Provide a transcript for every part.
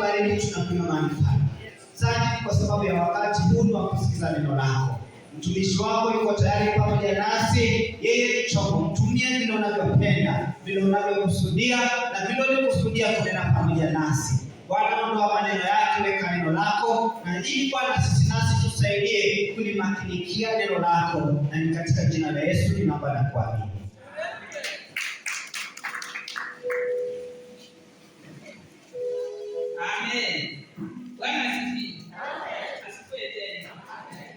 Baridi tunapima maarifa sasa, kwa sababu ya wakati huu wa kusikiza neno lako. Mtumishi wako yuko tayari pamoja nasi, yeye ni chombo. Mtumie vile unavyopenda, vile unavyokusudia na vile ulivyokusudia kunena pamoja nasi. Bwana, wa neno yake, weka neno lako na ili Bwana, sisi nasi tusaidie kulimakinikia neno lako, na ni katika jina la Yesu ninaomba na kuamini. Bwana asifiwe. Asifiwe tena.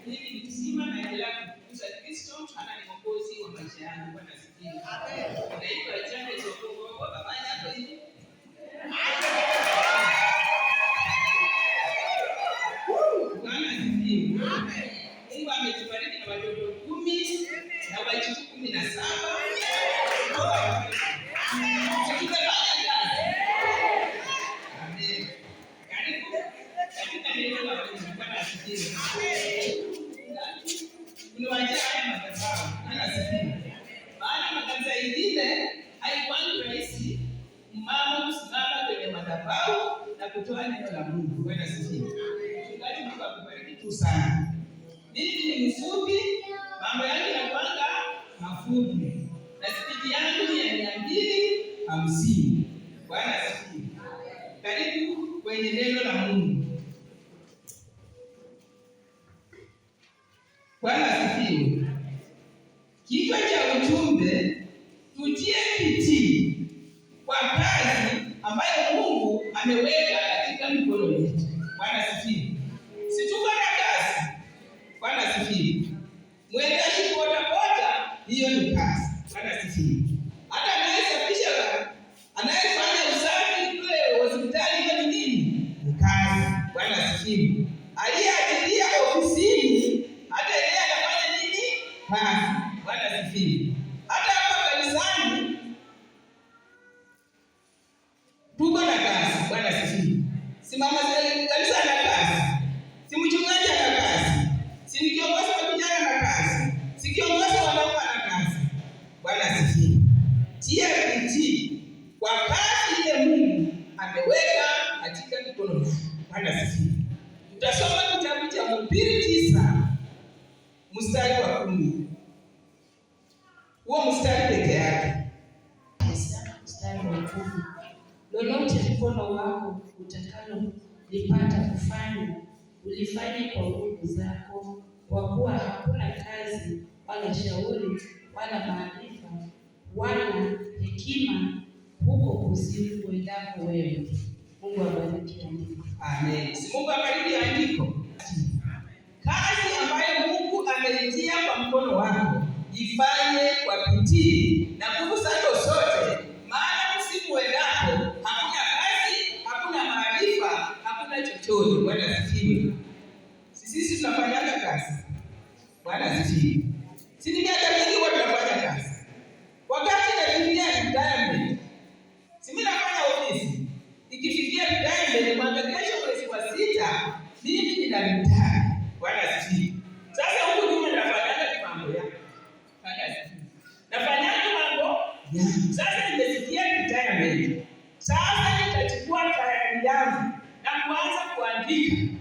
Mimi ni mzima na naendelea kumtukuza Kristo, ana ni mwokozi wa maisha yangu. Bwana asifiwe. Amen. Naitwa Janet Okogo, baba yangu la Mungu kwenda sisi. Tungali Mungu akubariki tu sana. Mimi ni mfupi, mambo yangu yanapanga mafupi. Na spidi yangu ni ya mia mbili hamsini. Bwana asifiwe. Karibu kwenye neno la Mungu. Bwana asifiwe. Kichwa cha ujumbe tutie bidii kwa kazi ambayo Mungu ameweka mwendaji bodaboda, hiyo ni kazi. Bwana asifiwe. Hata anayesafisha, anayefanya na sita. Tutasoma kitabu cha Mhubiri tisa mstari wa kumi huo mstari peke yake. Mstari wa kumi lolote mkono wako utakalo lipata kufanya ulifanye kwa nguvu zako, kwa kuwa hakuna kazi wala shauri wala maarifa wala hekima huko kuzimu kuendako wewe. Mungu abariki andiko. Amen. Si Mungu abariki andiko. Kazi ambayo Mungu amelitia kwa mkono wako ifanye kwa bidii.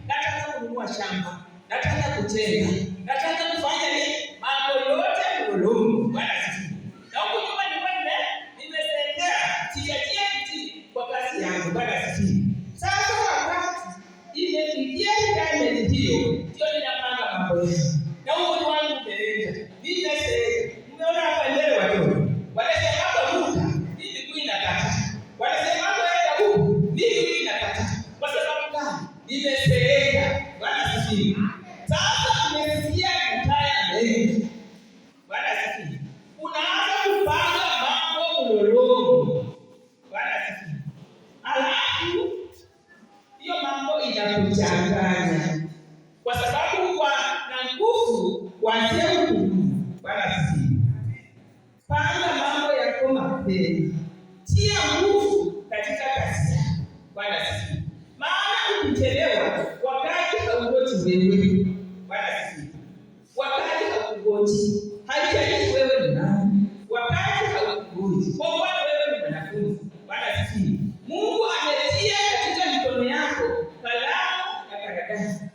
nataka kununua shamba, nataka kujenga, nataka kufanya nini oro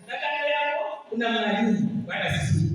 na kando yako kuna mnabii Bwana sisi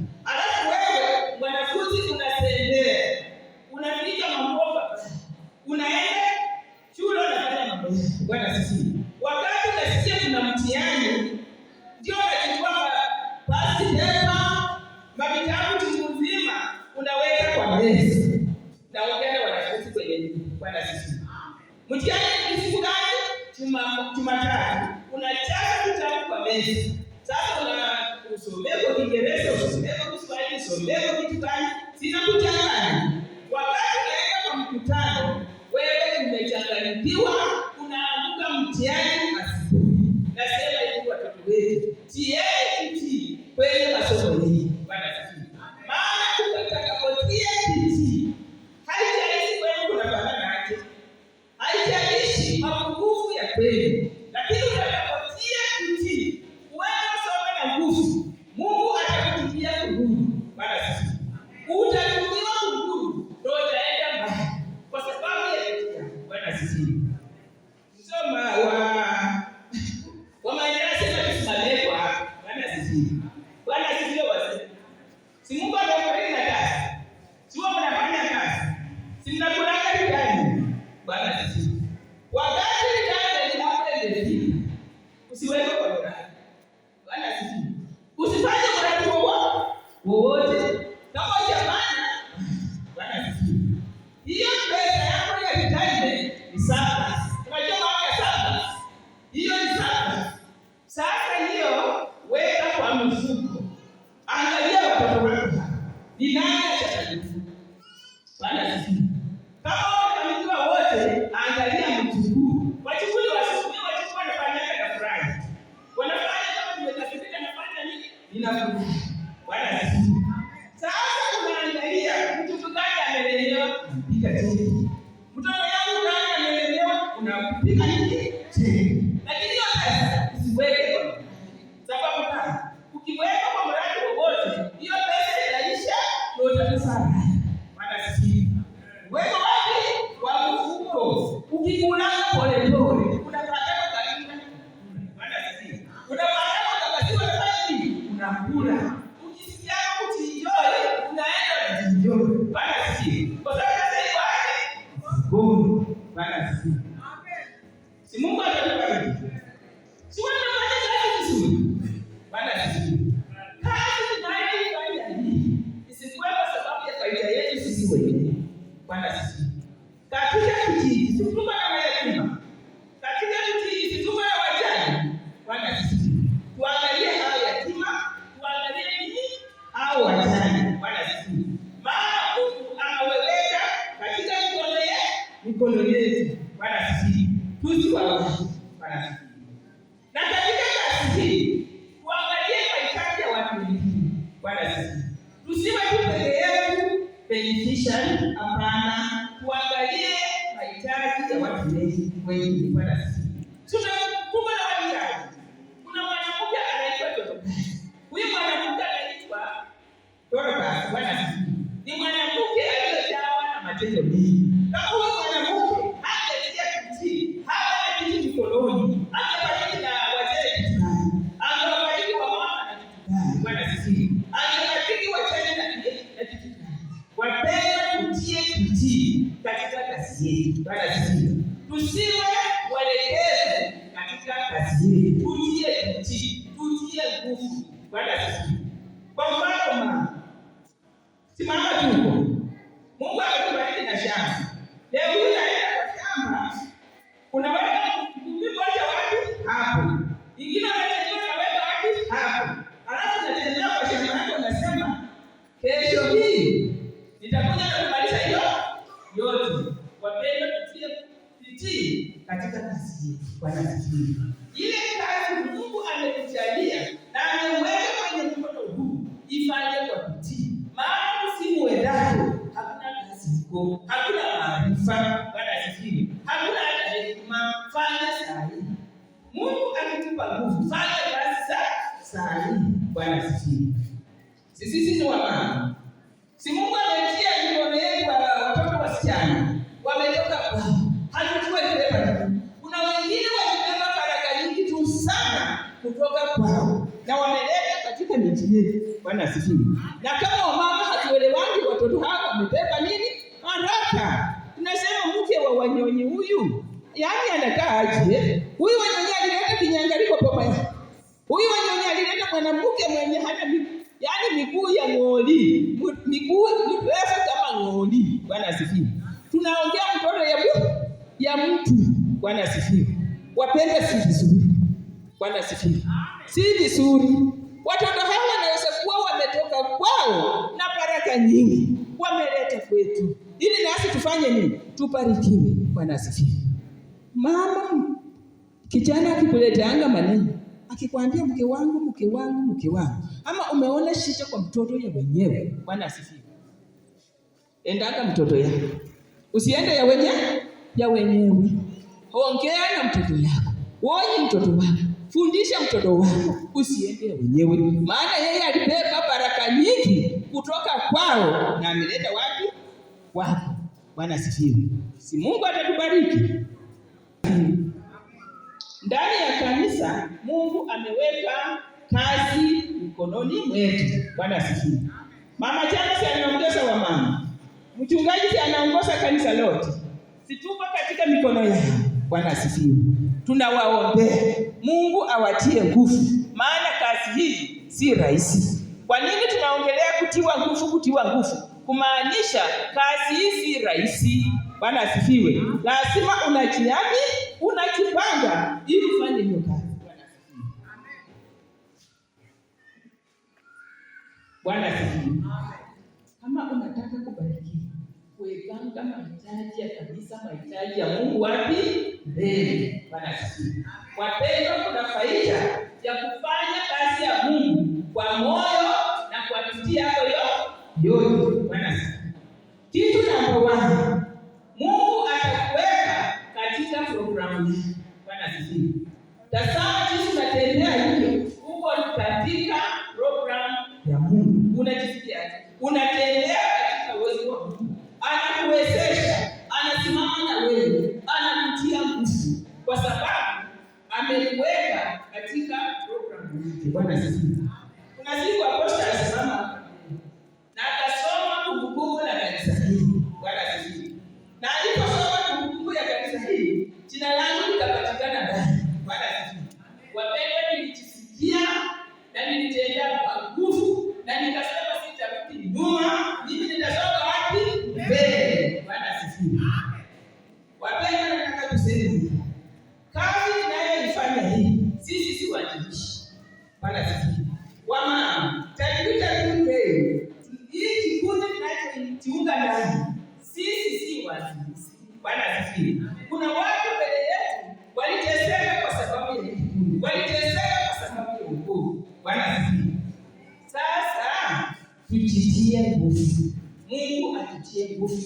mkutano, wewe umechanganyikiwa yetu wanasikia, tusiwaui wanasikia. Na katika kazi hii kuangalia mahitaji ya watu wengine wanasikia, tusiwe tu peke yetu beneficiary, hapana, kuangalia mahitaji ya watu wengine wanasikia. I see. tulitii katika kazi yetu. Bwana asifiwe. Ile Bwana asifiwe. Na kama wamama hatuelewangi watoto hawa wamebeba nini? Haraka. Tunasema mke wa wanyonyi huyu, yaani anakaa aje? Huyu wanyonyi alileta kinyangaliko kwa yake. Huyu wanyonyi alileta mwanamke mwenye hana miguu, yaani miguu ya ng'oli, miguu mirefu kama ng'oli. Bwana asifiwe. Tunaongea mtoto ya mtu ya mtu. Bwana asifiwe. Wapende sisi. vizuri. Bwana asifiwe. Si vizuri. Watoto hawa wanaweza kutoka kwao na baraka nyingi wameleta kwetu, ili nasi tufanye nini? Tubarikiwe. Bwana asifiwe. Mama kijana akikuleteanga maneno akikwambia mke wangu, mke wangu, mke wangu, ama umeona shida kwa mtoto ya wenyewe, Bwana asifiwe. Endanga mtoto yako, usiende ya wenye ya wenyewe. Ongea na mtoto yako, wonye mtoto wako, fundisha mtoto wako, usiende ya wenyewe, maana yeye alibeba kutoka kwao na ameleta wapi? Wapo. Bwana asifiwe. Si Mungu atatubariki. Ndani ya kanisa Mungu ameweka kazi mkononi mwetu. Bwana asifiwe. Mama James anaongoza wa mama. Mchungaji anaongoza kanisa lote. Situpo katika mikono yake. Bwana asifiwe. Tunawaombea Mungu awatie nguvu, maana kazi hii si rahisi. Kwa nini tunaongelea kutiwa nguvu? Kutiwa nguvu kumaanisha kazi si rahisi. Bwana asifiwe. Lazima unajiami, unajipanga ili ufanye hiyo kazi. Bwana asifiwe. Kama unataka kubarikiwa, wekanga mahitaji ya kanisa, mahitaji ya Mungu wapi? Mbele. Bwana asifiwe. Wapendwa, kuna faida ya tujitie nguvu, Mungu atutie nguvu.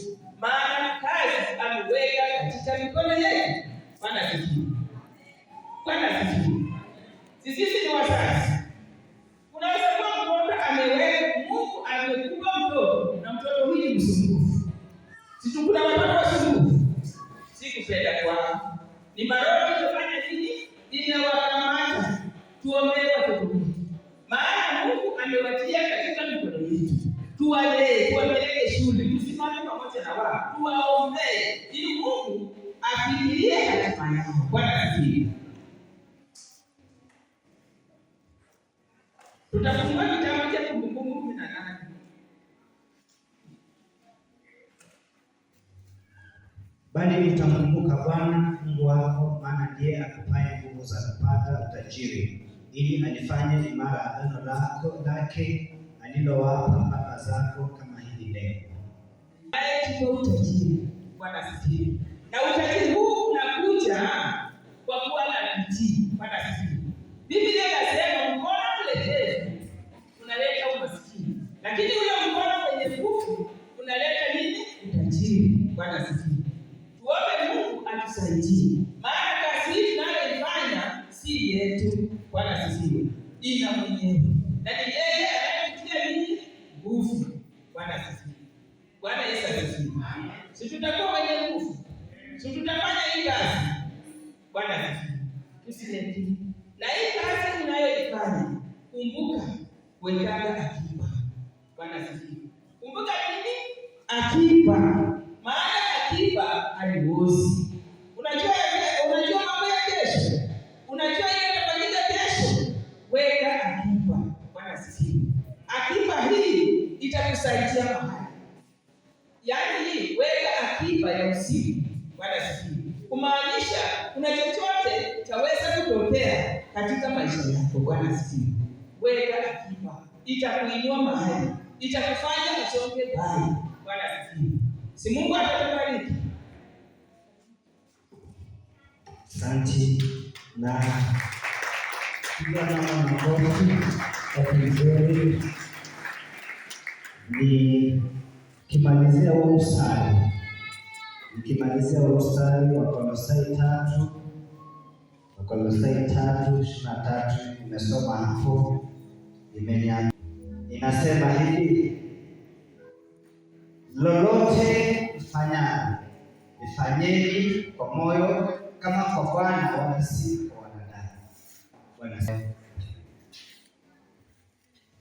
tuwalee, tuwapeleke shule, tusimame pamoja na wao, tuwaombee ili Mungu afikirie hatima yao. Bwana asifiwe. Tutafungua kitabu cha Kumbukumbu kumi na nane bali utamkumbuka Bwana Mungu wako, maana ndiye akupaye nguvu za kupata utajiri, ili alifanye imara agano lako lake alilowapa baba zako kama hili leo. Tuko utajiri Bwana asifiwe. Na utajiri huu unakuja kwa kuwa na bidii akiba. Maana ya akiba haiozi. Unajua unajua mambo ya kesho, unajua ile yanafanyika kesho, weka akiba. Bwana asifiwe. Akiba hii itakusaidia mahali, yaani hii weka akiba ya usiku. Bwana asifiwe, kumaanisha kuna chochote chaweza kutokea katika maisha yako. Bwana asifiwe, weka akiba, itakuinua mahali, itakufanya usonge mbali. Si Mungu atakubariki. Asante na kila mama makofi akizuri. Nikimalizia huo mstari, nikimalizia huo mstari wa Kolosai tatu, Kolosai tatu ishirini na tatu nimesoma hapo, imenia inasema hivi lolote kufanya ifanyeni kwa moyo kama kwa Bwana wala si kwa wanadamu. Bwana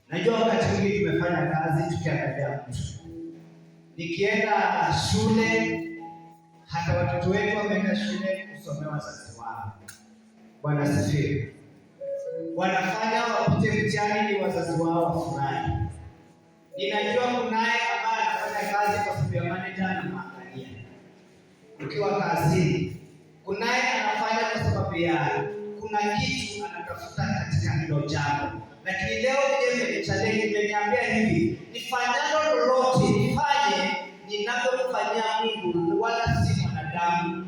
Najua wakati mwingi tumefanya kazi tukiangalia mtu. Nikienda shule, hata watoto wetu wameenda shule kusomewa wazazi wao, Bwana sifiwe. Wanafanya wapite mtihani ni wazazi wao wafurahi. Ninajua kunaye ambaye anafanya kazi kwa sababu ukiwa kazini, kunaye anafanya kwa sababu yake, kuna kitu anatafuta katika ndo jambo. Lakini leo jemechadei imeniambia hivi, nifanyalo lolote nifanye ninavyomfanyia Mungu, wala si mwanadamu.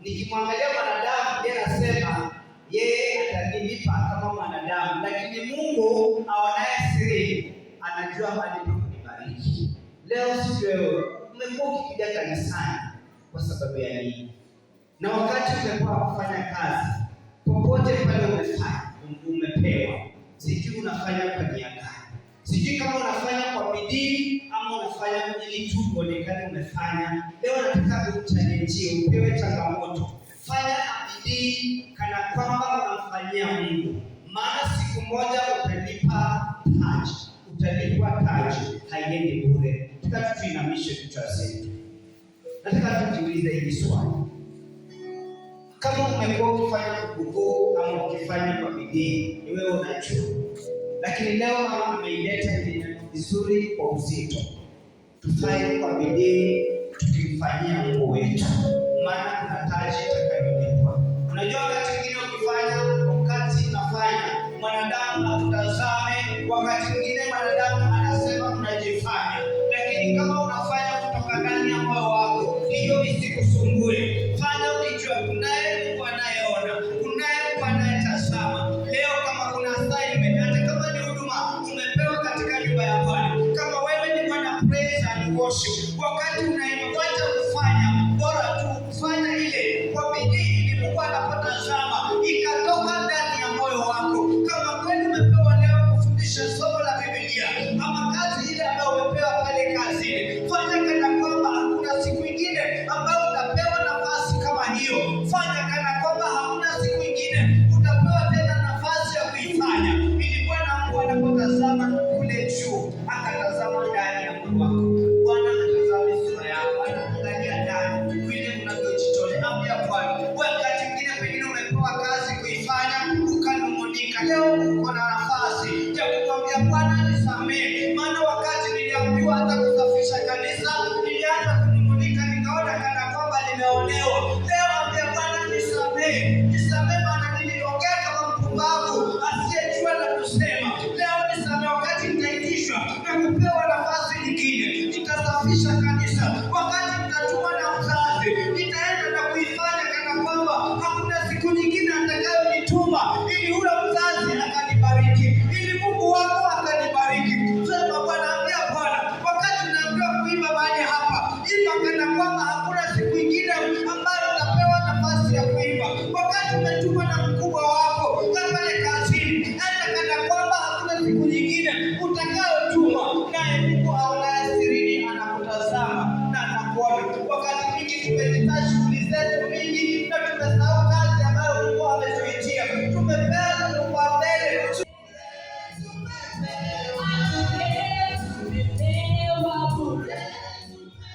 Nikimwangalia mwanadamu, yeye anasema yeye atanilipa kama mwanadamu, lakini Mungu aonaye siri anajua hadi kunibariki. Leo si wewe umekuwa ukikuja kanisani kwa sababu ya nini? Na wakati umekuwa kufanya kazi popote pale umefanya umepewa, sijui unafanya kwa nia gani, sijui kama unafanya kwa bidii ama unafanya ili tu uonekane umefanya. Leo nataka kukuchallenji, upewe changamoto, fanya bidii kana kwamba unamfanyia Mungu, maana siku moja utalipa taji, utalipwa taji, haiendi bure. Tukatutuinamishe vichwa zetu nataka tujiulize hili swali. Kama umekuwa ukifanya ukoo ama ukifanya kwa bidii, ni wewe unajua, lakini leo ameileta hili neno vizuri kwa uzito. Tufanye kwa bidii, tukimfanyia Mungu wetu, maana kuna itakayolipwa. Unajua wakati mwingine ukifanya, wakati unafanya mwanadamu